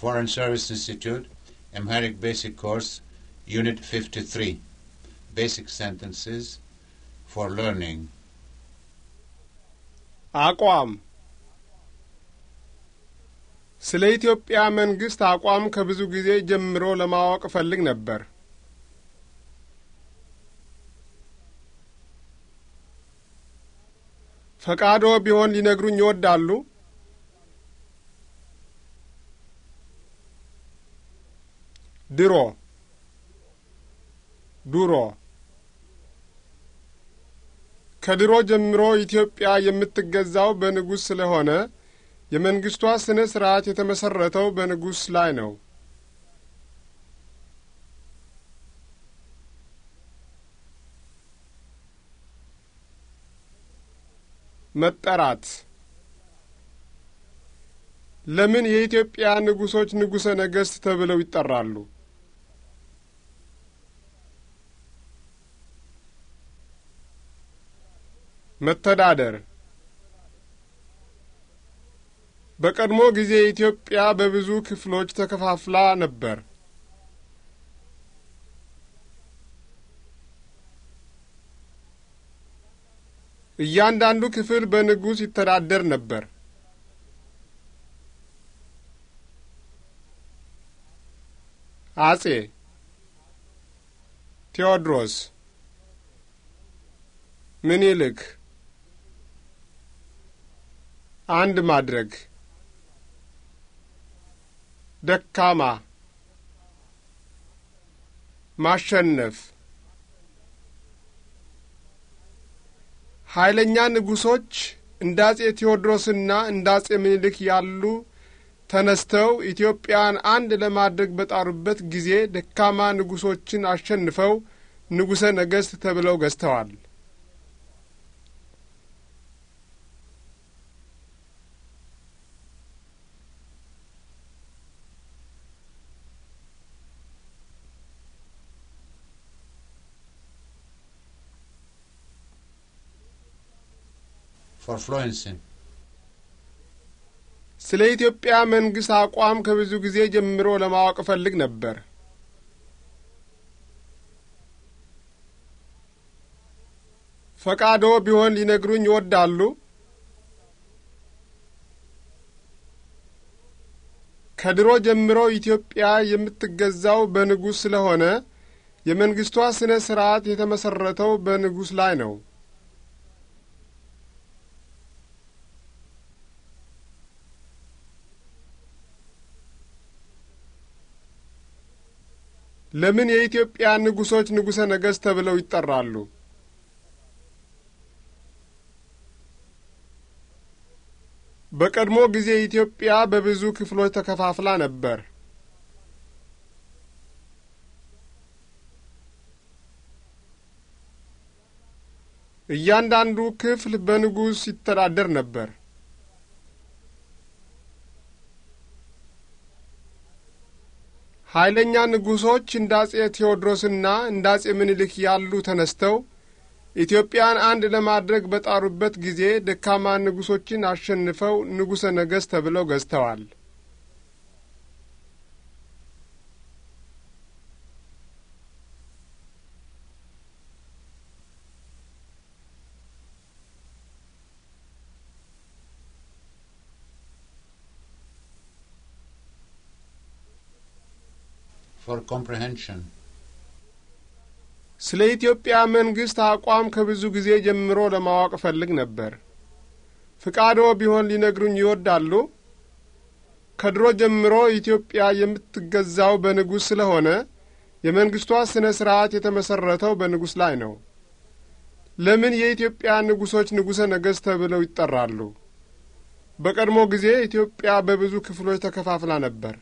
Foreign Service Institute, Amharic Basic Course, Unit 53, Basic Sentences for Learning. አቋም ስለ ኢትዮጵያ መንግስት አቋም ከብዙ ጊዜ ጀምሮ ለማወቅ እፈልግ ነበር። ፈቃዶ ቢሆን ሊነግሩኝ ይወዳሉ? ድሮ ዱሮ ከድሮ ጀምሮ ኢትዮጵያ የምትገዛው በንጉሥ ስለሆነ የመንግሥቷ ሥነ ሥርዓት የተመሠረተው በንጉሥ ላይ ነው። መጠራት ለምን የኢትዮጵያ ንጉሶች ንጉሠ ነገሥት ተብለው ይጠራሉ? መተዳደር በቀድሞ ጊዜ ኢትዮጵያ በብዙ ክፍሎች ተከፋፍላ ነበር። እያንዳንዱ ክፍል በንጉሥ ይተዳደር ነበር። አጼ ቴዎድሮስ ምኒልክ አንድ ማድረግ ደካማ ማሸነፍ ኃይለኛ ንጉሶች እንደ አጼ ቴዎድሮስና እንደ አጼ ምኒልክ ያሉ ተነስተው ኢትዮጵያን አንድ ለማድረግ በጣሩበት ጊዜ ደካማ ንጉሶችን አሸንፈው ንጉሠ ነገሥት ተብለው ገዝተዋል። ስለ ኢትዮጵያ መንግሥት አቋም ከብዙ ጊዜ ጀምሮ ለማወቅ እፈልግ ነበር። ፈቃዶ ቢሆን ሊነግሩኝ ይወዳሉ? ከድሮ ጀምሮ ኢትዮጵያ የምትገዛው በንጉሥ ስለሆነ የመንግሥቷ ሥነ ሥርዓት የተመሠረተው በንጉሥ ላይ ነው። ለምን የኢትዮጵያ ንጉሶች ንጉሠ ነገስት ተብለው ይጠራሉ? በቀድሞ ጊዜ ኢትዮጵያ በብዙ ክፍሎች ተከፋፍላ ነበር። እያንዳንዱ ክፍል በንጉሥ ይተዳደር ነበር። ኃይለኛ ንጉሶች እንደ አጼ ቴዎድሮስና እንደ አጼ ምኒልክ ያሉ ተነስተው ኢትዮጵያን አንድ ለማድረግ በጣሩበት ጊዜ ደካማ ንጉሶችን አሸንፈው ንጉሠ ነገሥት ተብለው ገዝተዋል። for comprehension. ስለ ኢትዮጵያ መንግስት አቋም ከብዙ ጊዜ ጀምሮ ለማወቅ እፈልግ ነበር። ፍቃዶ ቢሆን ሊነግሩኝ ይወዳሉ? ከድሮ ጀምሮ ኢትዮጵያ የምትገዛው በንጉሥ ስለሆነ የመንግስቷ ሥነ ሥርዓት የተመሰረተው በንጉሥ ላይ ነው። ለምን የኢትዮጵያ ንጉሶች ንጉሠ ነገሥት ተብለው ይጠራሉ? በቀድሞ ጊዜ ኢትዮጵያ በብዙ ክፍሎች ተከፋፍላ ነበር።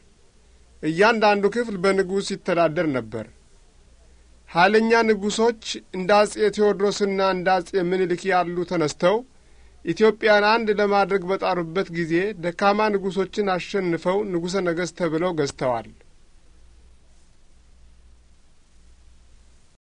እያንዳንዱ ክፍል በንጉሥ ይተዳደር ነበር። ኃይለኛ ንጉሶች እንደ አጼ ቴዎድሮስና እንደ አጼ ምኒልክ ያሉ ተነስተው ኢትዮጵያን አንድ ለማድረግ በጣሩበት ጊዜ ደካማ ንጉሶችን አሸንፈው ንጉሠ ነገሥት ተብለው ገዝተዋል።